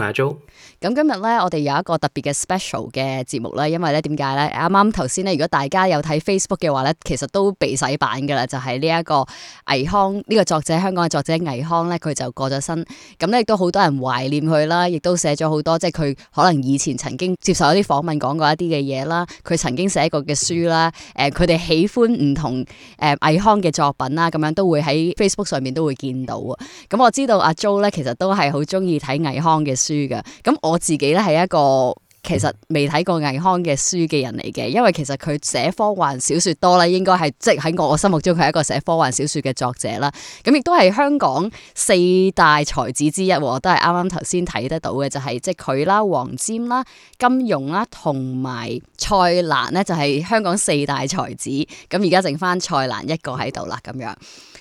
阿 Jo，咁今日咧，我哋有一個特別嘅 special 嘅節目啦。因為咧，點解咧？啱啱頭先咧，如果大家有睇 Facebook 嘅話咧，其實都被洗版噶啦，就係呢一個倪匡呢，呢個作者，香港嘅作者倪匡咧，佢就過咗身，咁咧亦都好多人懷念佢啦，亦都寫咗好多，即係佢可能以前曾經接受一啲訪問，講過一啲嘅嘢啦，佢曾經寫過嘅書啦，誒，佢哋喜歡唔同誒倪匡嘅作品啦，咁樣都會喺 Facebook 上面都會見到。咁我知道阿、啊、Jo 咧，其實都係好中意睇倪匡嘅。書。咁我自己咧係一個其實未睇過倪匡嘅書嘅人嚟嘅，因為其實佢寫科幻小說多啦，應該係即係喺我心目中佢係一個寫科幻小說嘅作者啦。咁亦都係香港四大才子之一，都係啱啱頭先睇得到嘅，就係即係佢啦、黃沾啦、金庸啦，同埋蔡瀾咧，就係、是、香港四大才子。咁而家剩翻蔡瀾一個喺度啦，咁樣。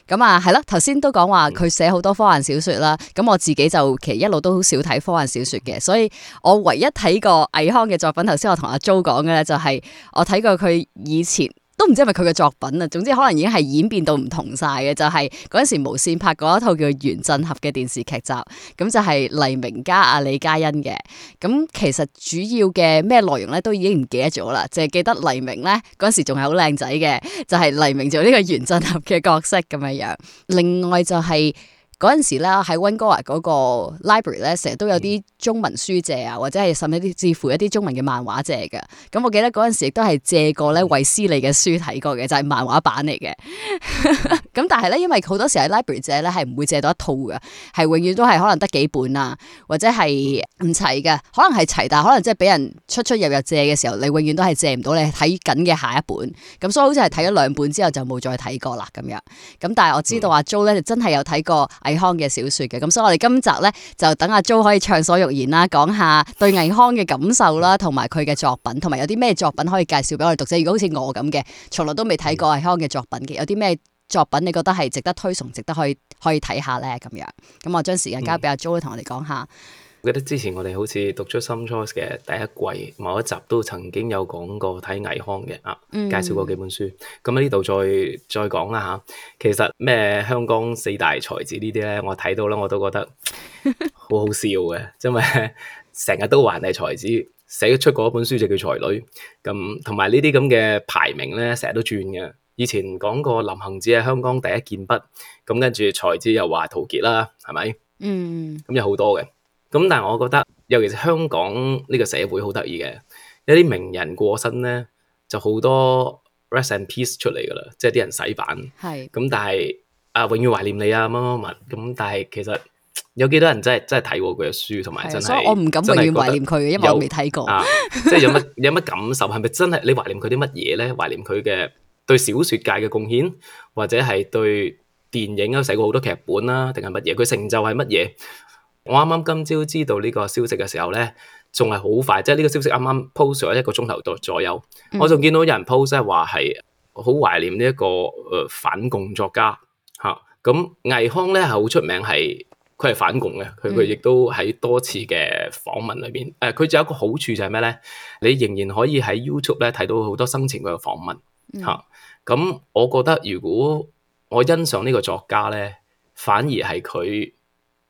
咁啊，係咯、嗯，頭先都講話佢寫好多科幻小說啦。咁我自己就其實一路都好少睇科幻小說嘅，所以我唯一睇過倪匡嘅作品，頭先我同阿 Jo 講嘅咧，就係我睇過佢以前。都唔知係咪佢嘅作品啊！總之可能已經係演變到唔同晒嘅，就係嗰陣時無綫拍過一套叫《原振俠》嘅電視劇集，咁就係黎明加阿李嘉欣嘅。咁其實主要嘅咩內容咧都已經唔記得咗啦，淨係記得黎明咧嗰陣時仲係好靚仔嘅，就係、是、黎明做呢個原振俠嘅角色咁樣樣。另外就係、是。嗰陣時咧，喺溫哥華嗰個 library 咧，成日都有啲中文書借啊，或者係甚至乎一啲中文嘅漫畫借嘅。咁我記得嗰陣時亦都係借過咧衛斯理嘅書睇過嘅，就係、是、漫畫版嚟嘅。咁 但係咧，因為好多時喺 library 借咧係唔會借到一套嘅，係永遠都係可能得幾本啊，或者係唔齊嘅，可能係齊，但係可能即係俾人出出入入借嘅時候，你永遠都係借唔到你睇緊嘅下一本。咁所以好似係睇咗兩本之後就冇再睇過啦咁樣。咁但係我知道阿、啊、Jo 咧真係有睇過。匡嘅小說嘅，咁所以我哋今集呢，就等阿 Jo 可以暢所欲言啦，講下對倪匡嘅感受啦，同埋佢嘅作品，同埋有啲咩作品可以介紹俾我哋讀者。如果好似我咁嘅，從來都未睇過倪匡嘅作品嘅，有啲咩作品你覺得係值得推崇、值得可以可以睇下呢？咁樣，咁我將時間交俾阿 Jo，同我哋講下。嗯我記得之前我哋好似讀出《Some Choice》嘅第一季某一集都曾經有講過睇倪匡嘅啊，介紹過幾本書。咁喺呢度再再講啦吓。其實咩香港四大才子呢啲咧，我睇到啦，我都覺得好好笑嘅，因為成日都話係才子寫出過一本書就叫才女咁，同埋呢啲咁嘅排名咧，成日都轉嘅。以前講過林行止係香港第一健筆，咁跟住才子又話陶傑啦，係咪？嗯、mm，咁、hmm. 有好多嘅。咁但係我覺得，尤其是香港呢個社會好得意嘅，有啲名人過身咧，就好多 rest in peace 出嚟噶啦，即係啲人洗版。係是。咁但係啊，永遠懷念你啊，乜乜乜。咁但係其實有幾多人真係真係睇過佢嘅書同埋的真係。所以我唔敢永遠懷念佢，因為我未睇過。即 係、啊就是、有乜有乜感受？係咪真係你懷念佢啲乜嘢咧？懷念佢嘅對小説界嘅貢獻，或者係對電影啊寫過好多劇本啦、啊，定係乜嘢？佢成就係乜嘢？我啱啱今朝知道呢個消息嘅時候咧，仲係好快，即係呢個消息啱啱 post 咗一個鐘頭左右。嗯、我仲見到有人 post 話係好懷念呢、這、一個誒、呃、反共作家吓。咁、啊、倪匡咧係好出名是，係佢係反共嘅。佢佢亦都喺多次嘅訪問裏邊，誒佢仲有一個好處就係咩咧？你仍然可以喺 YouTube 咧睇到好多生前嘅訪問吓。咁、啊嗯啊、我覺得如果我欣賞呢個作家咧，反而係佢。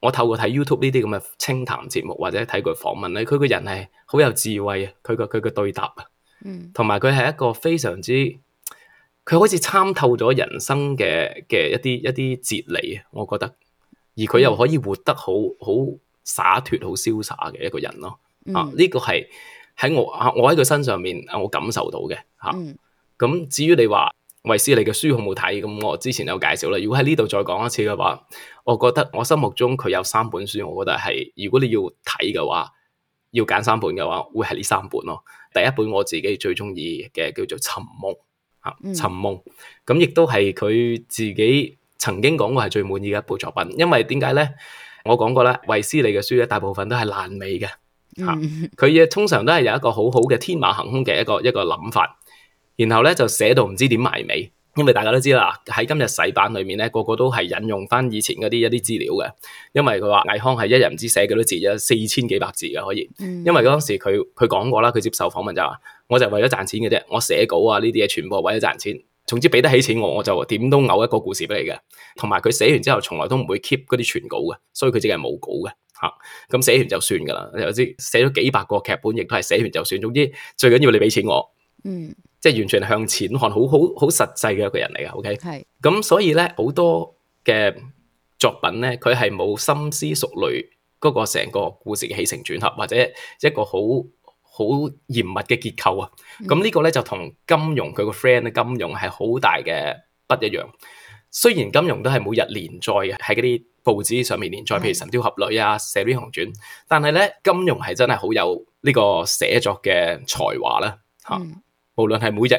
我透過睇 YouTube 呢啲咁嘅清談節目，或者睇佢訪問咧，佢個人係好有智慧啊，佢嘅佢嘅對答啊，同埋佢係一個非常之，佢好似參透咗人生嘅嘅一啲一啲哲理啊，我覺得，而佢又可以活得好好灑脫、好瀟灑嘅一個人咯，嗯、啊，呢個係喺我啊，我喺佢身上面我感受到嘅嚇，咁、啊、至於你話。衛斯理嘅書好冇睇，咁我之前有介紹啦。如果喺呢度再講一次嘅話，我覺得我心目中佢有三本書，我覺得係如果你要睇嘅話，要揀三本嘅話，會係呢三本咯。第一本我自己最中意嘅叫做《尋夢》吓，《尋夢》咁亦都係佢自己曾經講過係最滿意嘅一部作品。因為點解咧？我講過咧，衛斯理嘅書咧，大部分都係爛尾嘅，吓佢亦通常都係有一個好好嘅天馬行空嘅一個一個諗法。然後咧就寫到唔知點埋尾，因為大家都知啦，喺今日洗版裏面咧個個都係引用翻以前嗰啲一啲資料嘅，因為佢話倪匡係一日唔知寫幾多字，有四千幾百字嘅可以，嗯、因為當時佢佢講過啦，佢接受訪問就話，我就係為咗賺錢嘅啫，我寫稿啊呢啲嘢全部係為咗賺錢，總之俾得起錢我我就點都嘔一個故事俾你嘅，同埋佢寫完之後從來都唔會 keep 嗰啲全稿嘅，所以佢只係冇稿嘅吓，咁、啊嗯、寫完就算噶啦，係咪先？寫咗幾百個劇本亦都係寫完就算，總之最緊要你俾錢我。嗯，即係完全向錢看，好好好實際嘅一個人嚟噶，OK？係咁是，所以咧好多嘅作品咧，佢係冇深思熟慮嗰個成個故事嘅起承轉合，或者一個好好嚴密嘅結構啊。咁、嗯、呢個咧就同金庸，佢個 friend 咧，金庸係好大嘅不一樣。雖然金庸都係每日連載嘅喺嗰啲報紙上面連載，譬如《神雕俠侶》啊，是《射鵰英雄傳》但呢，但係咧金庸係真係好有呢個寫作嘅才華啦、啊，嚇、嗯。無論係每日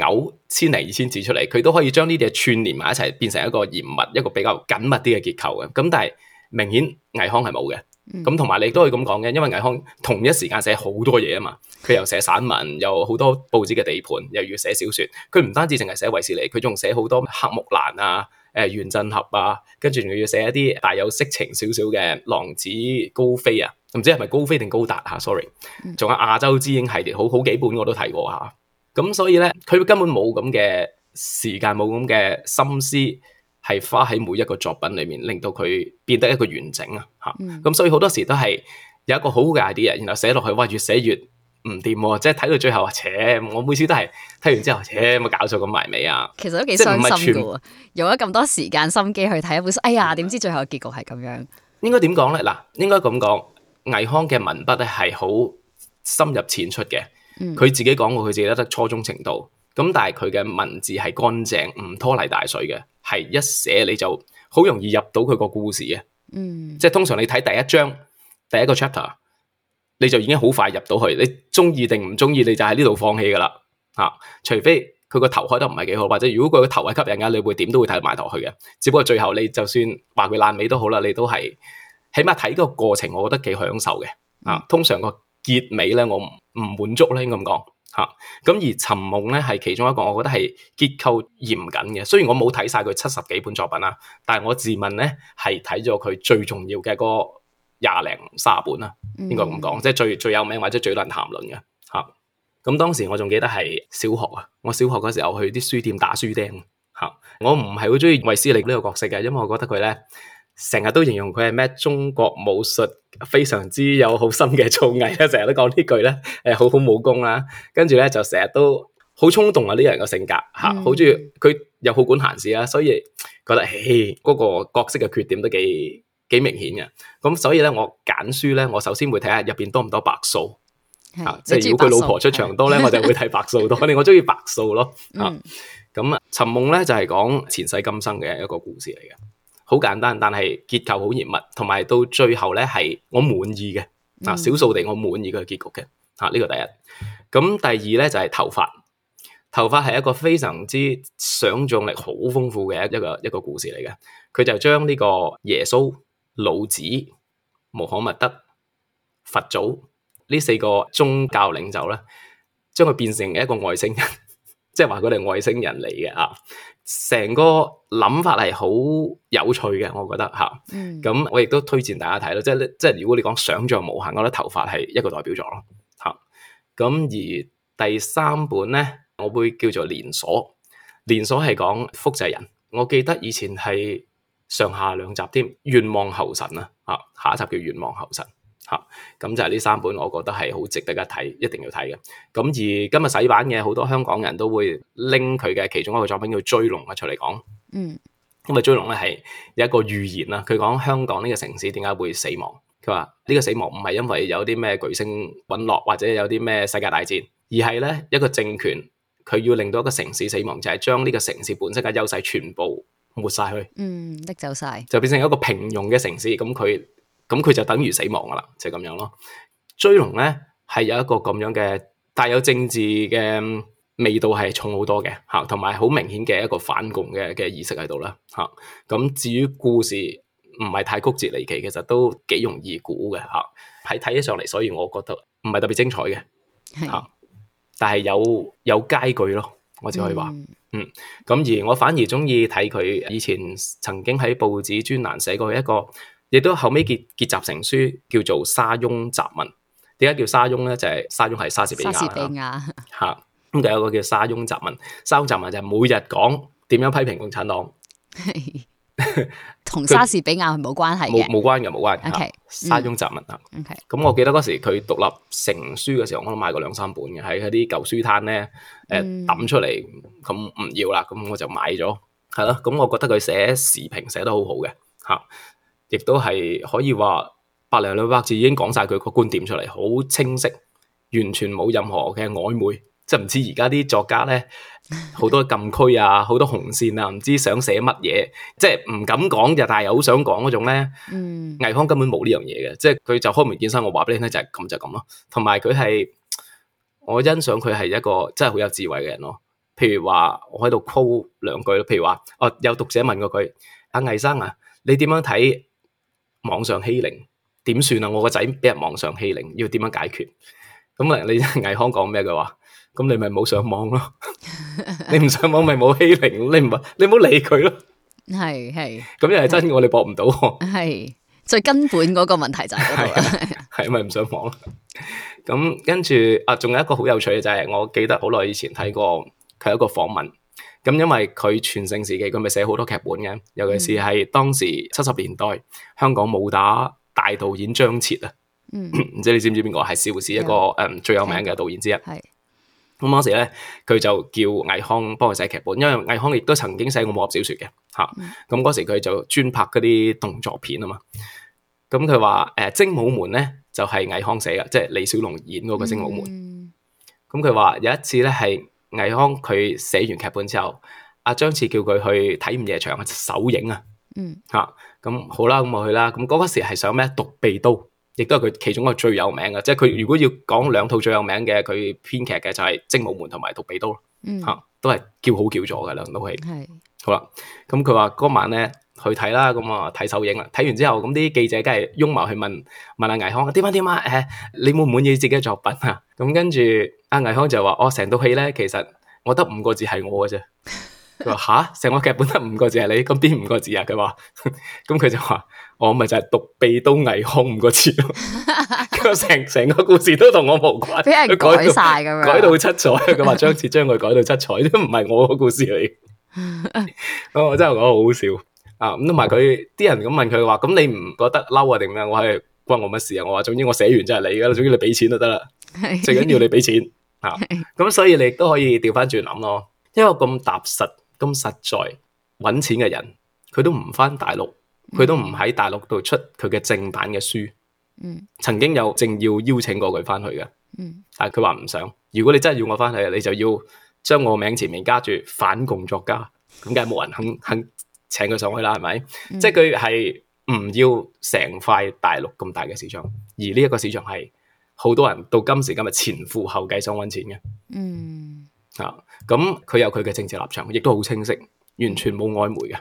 嘔千零二千字出嚟，佢都可以將呢啲串連埋一齊變成一個嚴密、一個比較緊密啲嘅結構嘅。咁但係明顯倪匡係冇嘅，咁同埋你都可以咁講嘅，因為倪匡同一時間寫好多嘢啊嘛，佢又寫散文，有好多報紙嘅地盤，又要寫小說。佢唔單止淨係寫衛斯理，佢仲寫好多黑木蘭啊、誒、呃、原振俠啊，跟住仲要寫一啲帶有色情少少嘅浪子高飛啊。唔知係咪高飛定高達吓，sorry。仲有亞洲之鷹系列，好好幾本我都睇過吓。咁所以咧，佢根本冇咁嘅時間，冇咁嘅心思係花喺每一個作品裏面，令到佢變得一個完整、嗯、啊吓。咁所以好多時都係有一個好好嘅 idea，然後寫落去，哇越寫越唔掂、啊，即係睇到最後，切、呃，我每次都係睇完之後，切、呃，咪搞錯咁埋尾啊！其實都幾傷心用咗咁多時間心機去睇一本書，哎呀，點知最後結局係咁樣？應該點講咧？嗱，應該咁講。倪匡嘅文筆咧係好深入淺出嘅，佢自己講過佢自己都得初中程度，咁但係佢嘅文字係乾淨，唔拖泥帶水嘅，係一寫你就好容易入到佢個故事嘅，嗯、即係通常你睇第一章第一個 chapter，你就已經好快入到去，你中意定唔中意，你就喺呢度放棄噶啦，除非佢個頭開得唔係幾好，或者如果佢個頭係吸引嘅，你會點都會睇埋頭去嘅，只不過最後你就算話佢爛尾都好啦，你都係。起碼睇個過程，我覺得幾享受嘅、啊。啊，通常個結尾咧，我唔唔滿足咧，應該咁講吓。咁而尋夢咧，係其中一個，我覺得係結構嚴謹嘅。雖然我冇睇晒佢七十幾本作品啦，但係我自問咧，係睇咗佢最重要嘅嗰廿零卅本啦，嗯、應該咁講，即係最最有名或者最多人談論嘅吓。咁、啊、當時我仲記得係小學啊，我小學嗰時候我去啲書店打書釘吓、啊，我唔係好中意衛斯理呢個角色嘅，因為我覺得佢咧。成日都形容佢係咩中國武術非常之有好深嘅造詣咧，成日都講呢句咧，誒好好武功啦、啊，跟住咧就成日都好衝動啊！呢、這個、人個性格吓，好中意佢又好管閒事啊，所以覺得嗰、那個角色嘅缺點都幾幾明顯嘅。咁所以咧，我揀書咧，我首先會睇下入邊多唔多白素，即係是、啊、如果佢老婆出場多咧，是我就會睇白素多。 我哋我中意白素咯，咁啊，尋、嗯嗯嗯、夢咧就係、是、講前世今生嘅一個故事嚟嘅。好簡單，但係結構好嚴密，同埋到最後咧係我滿意嘅，嗱少、嗯、數地我滿意嘅結局嘅，吓、這、呢個第一。咁第二咧就係頭髮，頭髮係一個非常之想象力好豐富嘅一個一個故事嚟嘅。佢就將呢個耶穌、老子、穆罕默德、佛祖呢四個宗教領袖咧，將佢變成一個外星人。即係話佢哋外星人嚟嘅啊，成個諗法係好有趣嘅，我覺得吓。咁、嗯、我亦都推薦大家睇咯。即係即係，如果你講想象無限，我覺得頭髮係一個代表作咯吓。咁而第三本咧，我會叫做連鎖連鎖係講複製人。我記得以前係上下兩集添，願望猴神啦吓，下一集叫願望猴神。咁就係呢三本，我覺得係好值得一睇，一定要睇嘅。咁而今日洗版嘅好多香港人都會拎佢嘅其中一個作品叫《追龍》出嚟講。嗯，因為追龍咧係有一個預言啊，佢講香港呢個城市點解會死亡？佢話呢個死亡唔係因為有啲咩巨星隕落或者有啲咩世界大戰，而係咧一個政權佢要令到一個城市死亡，就係、是、將呢個城市本身嘅優勢全部抹晒去。嗯，拎走晒就變成一個平庸嘅城市。咁佢。咁佢就等於死亡噶啦，就咁、是、樣咯。追龍咧係有一個咁樣嘅帶有政治嘅味道係重好多嘅吓，同埋好明顯嘅一個反共嘅嘅意識喺度啦吓。咁至於故事唔係太曲折離奇，其實都幾容易估嘅吓。睇起上嚟，所以我覺得唔係特別精彩嘅吓是，但係有有佳句咯，我只可以話嗯。咁、嗯、而我反而中意睇佢以前曾經喺報紙專欄寫過一個。亦都後尾結結集成書，叫做沙叫沙、就是《沙翁雜文》。點解叫沙翁咧？就係沙翁係莎士比亞啦。莎士比亞嚇，咁就有一個叫《沙翁雜文》。《沙翁雜文》就係每日講點樣批評共產黨，同莎 士比亞係冇關係冇關嘅，冇關嘅 Okay.。沙翁雜文啊，咁 Okay.、嗯、我記得嗰時佢獨立成書嘅時候，我都買過兩三本嘅，喺啲舊書攤咧誒揼出嚟咁唔要啦，咁我就買咗，係咯。咁我覺得佢寫時評寫得好好嘅嚇。亦都係可以話百零兩百字已經講晒佢個觀點出嚟，好清晰，完全冇任何嘅曖昧，即係唔似而家啲作家咧，好多禁區啊，好多紅線啊，唔知想寫乜嘢，即係唔敢講就，但係又好想講嗰種咧。嗯，倪匡根本冇呢樣嘢嘅，即係佢就開門見山，我話俾你聽就係咁就咁、是、咯。同埋佢係我欣賞佢係一個真係好有智慧嘅人咯。譬如話我喺度 call 兩句咯，譬如話哦有讀者問過佢，阿倪生啊，你點樣睇？網上欺凌點算啊？我個仔俾人網上欺凌，要點樣解決？咁啊，你倪匡講咩嘅話，咁你咪冇上網咯。 你唔上網咪冇欺凌，你唔你唔好理佢咯。係係 。咁是又係真嘅，是我哋博唔到。係最根本嗰個問題就係度係咪唔上網？咁跟住啊，仲有一個好有趣嘅就係、是，我記得好耐以前睇過佢一個訪問。咁因為佢全盛時期，佢咪寫好多劇本嘅，尤其是係當時七十年代香港武打大導演張徹啊，唔、嗯、 知你知唔知邊個？係邵氏一個誒最有名嘅導演之一。係咁嗰時咧，佢就叫倪匡幫佢寫劇本，因為倪匡亦都曾經寫過武俠小說嘅吓。咁嗰、嗯、時佢就專拍嗰啲動作片啊嘛。咁佢話誒《精武門呢》咧就係、是、倪匡寫嘅，即、就、係、是、李小龍演嗰個《精武門》嗯。咁佢話有一次咧係。倪匡佢寫完劇本之後，阿張徹叫佢去睇午夜場首映啊、嗯、啊。嗯，吓咁好啦，咁我去啦。咁嗰時係想咩？獨臂刀，亦都係佢其中一個最有名嘅。即係佢如果要講兩套最有名嘅，佢編劇嘅就係《精武門》同埋《獨臂刀》咯。嗯，吓都係叫好叫座嘅兩套戲。係好啦，咁佢話嗰晚咧。去睇啦，咁啊睇首映啦，睇完之後，咁啲記者梗係湧埋去問，問阿倪匡點樣點啊，誒、欸，你滿唔滿意自己嘅作品啊？咁跟住阿倪匡就話，我成套戲咧，其實我得五個字係我嘅啫。佢話吓，成、啊、個劇本得五個字係你，咁邊五個字啊？佢話，咁、嗯、佢就話，我咪就係《獨臂刀倪匡》五個字咯。佢成成個故事都同我無關，俾 人改晒咁樣，改到七彩。佢話將此將佢改到七彩，都唔係我嘅故事嚟。 我真係覺得好好笑。啊咁同埋佢啲人咁問佢話，咁你唔覺得嬲啊定咩？我係關我乜事啊？我話總之我寫完就係你噶啦，總之你俾錢就得啦， 最緊要你俾錢啊！咁 所以你亦都可以調翻轉諗咯，因為我咁踏實、咁實在搵錢嘅人，佢都唔翻大陸，佢、嗯、都唔喺大陸度出佢嘅正版嘅書。嗯，曾經有正要邀請過佢翻去嘅，嗯，但係佢話唔想。如果你真係要我翻去，你就要將我名前面加住反共作家，咁梗係冇人肯肯。請佢上去啦，係咪？嗯、即係佢係唔要成塊大陸咁大嘅市場，而呢一個市場係好多人到今時今日前赴後繼想搵錢嘅。嗯，啊、嗯，咁佢有佢嘅政治立場，亦都好清晰，完全冇曖昧嘅。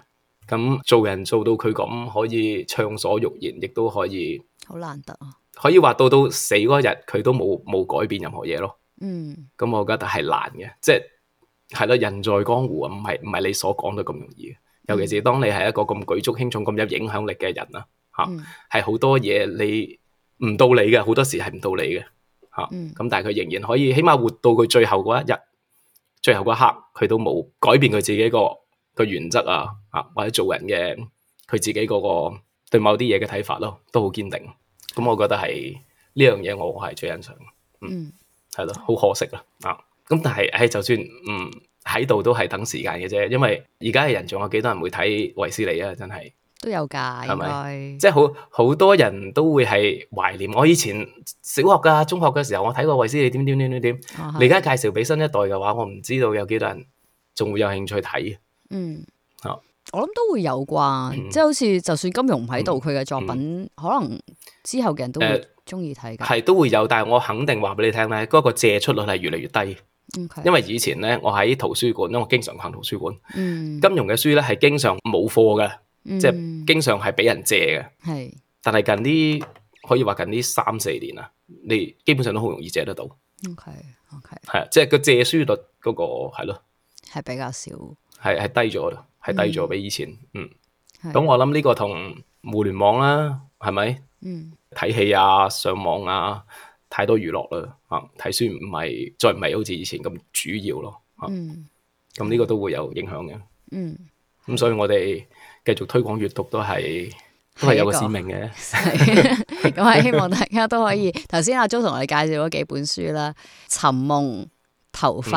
咁、嗯、做人做到佢咁，可以暢所欲言，亦都可以好難得啊！可以話到到死嗰日，佢都冇冇改變任何嘢咯。嗯，咁我覺得係難嘅，即係係咯，人在江湖啊，唔係唔係你所講得咁容易嘅。尤其是當你係一個咁舉足輕重、咁有影響力嘅人啦，嚇、嗯，係好多嘢你唔到你嘅，好多時係唔到你嘅，嚇、嗯。咁但係佢仍然可以，起碼活到佢最後嗰一日、最後嗰一刻，佢都冇改變佢自己個個原則啊，啊或者做人嘅佢自己嗰個對某啲嘢嘅睇法咯，都好堅定。咁我覺得係呢樣嘢，事我係最欣賞。嗯，係咯、嗯，好可惜啦，啊，咁但係係就算嗯。喺度都係等時間嘅啫，因為而家嘅人仲有幾多人會睇維斯利啊？真係都有噶，係咪？即係好好多人都會係懷念。我以前小學噶、中學嘅時候，我睇過維斯利點點點點點。啊、你而家介紹俾新一代嘅話，我唔知道有幾多人仲會有興趣睇。嗯，是我諗都會有啩，即係、嗯、好似就算金庸唔喺度，佢嘅、嗯、作品、嗯嗯、可能之後嘅人都會中意睇嘅。係、呃、都會有，但係我肯定話俾你聽咧，嗰、嗰個借出率係越嚟越低。Okay. 因為以前咧，我喺圖書館，因為我經常行圖書館，嗯、金融嘅書咧係經常冇貨嘅，嗯、即係經常係俾人借嘅。係是，但係近啲可以話近啲三四年啦，你基本上都好容易借得到。OK, okay. 即係個借書率嗰、嗰個係咯，係比較少，係係低咗啦，係低咗、嗯、比以前。嗯，咁是、嗯、我諗呢個同互聯網啦、啊，係咪？嗯，睇戲啊，上網啊。太多娛樂啦，吓，睇書唔係再唔係好似以前咁主要咯，吓，咁呢個都會有影響嘅，嗯，咁所以我哋繼續推廣閱讀都係都係有個使命嘅，咁係是的 希望大家都可以，頭先阿 Joe 同我哋介紹咗幾本書啦，嗯《尋夢》、《頭髮》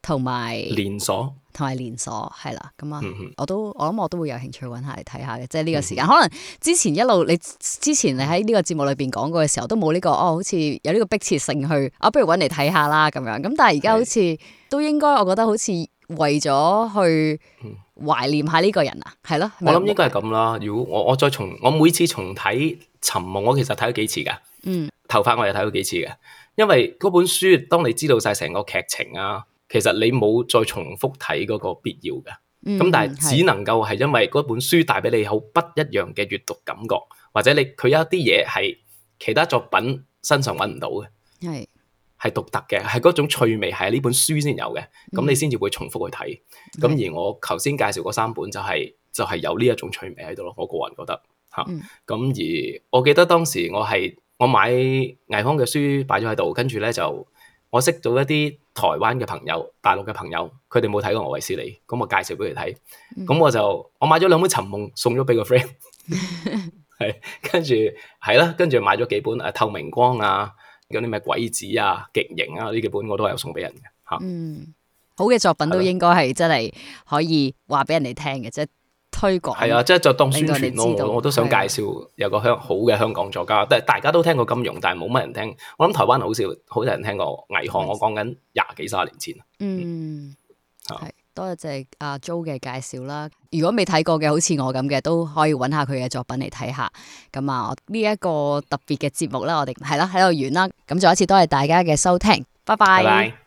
同埋《連鎖》。同埋連鎖係啦，咁啊、嗯嗯哼，我都我諗我都會有興趣揾下嚟睇下嘅，即係呢個時間、嗯、哼可能之前一路你之前你喺呢個節目裏邊講過嘅時候都冇呢、這個哦，好似有呢個迫切性去啊，不如揾嚟睇下啦咁樣。咁但係而家好似的都應該，我覺得好似為咗去懷念下呢個人啊，係咯。我諗應該係咁啦。如果我我再重我每次重睇《尋夢》，我其實睇咗幾次噶。嗯，頭髮我又睇咗幾次嘅，因為嗰本書當你知道晒成個劇情啊。其實你冇再重複睇嗰個必要嘅，咁、嗯、但係只能夠係因為嗰本書帶俾你好不一樣嘅閱讀感覺，或者你佢有一啲嘢係其他作品身上揾唔到嘅，係係是獨特嘅，係嗰種趣味係呢本書先有嘅，咁、嗯、你先至會重複去睇。咁的而我頭先介紹嗰三本就係、是、就係、是、有呢一種趣味喺度咯，我個人覺得吓。咁、嗯啊、而我記得當時我係我買倪匡嘅書擺咗喺度，跟住咧就。我識到一啲台灣嘅朋友、大陸嘅朋友，佢哋冇睇過《衛斯理》，咁我介紹俾佢睇。咁我就我買咗兩本《尋夢 》，送咗俾個 friend，係跟住係啦，跟住買咗幾本《誒透明光》啊，有啲咩鬼子啊、極刑啊呢幾本，我都係有送俾人嘅嚇嗯，好嘅作品都應該係真係可以話俾人哋聽嘅，啫推廣係啊，即係就當宣傳咯。我我都想介紹有個香好嘅香港作家，但係的大家都聽過金庸，但係冇乜人聽。我諗台灣好少，好多人聽過倪匡的我講緊廿幾卅年前嗯，係、嗯、多謝阿 Jo 嘅介紹啦。如果未睇過嘅，好似我咁嘅，都可以揾下佢嘅作品嚟睇下。咁啊，呢、這、一個特別嘅節目咧，我哋係啦，喺度完啦。咁再一次多謝大家嘅收聽，拜拜。Bye bye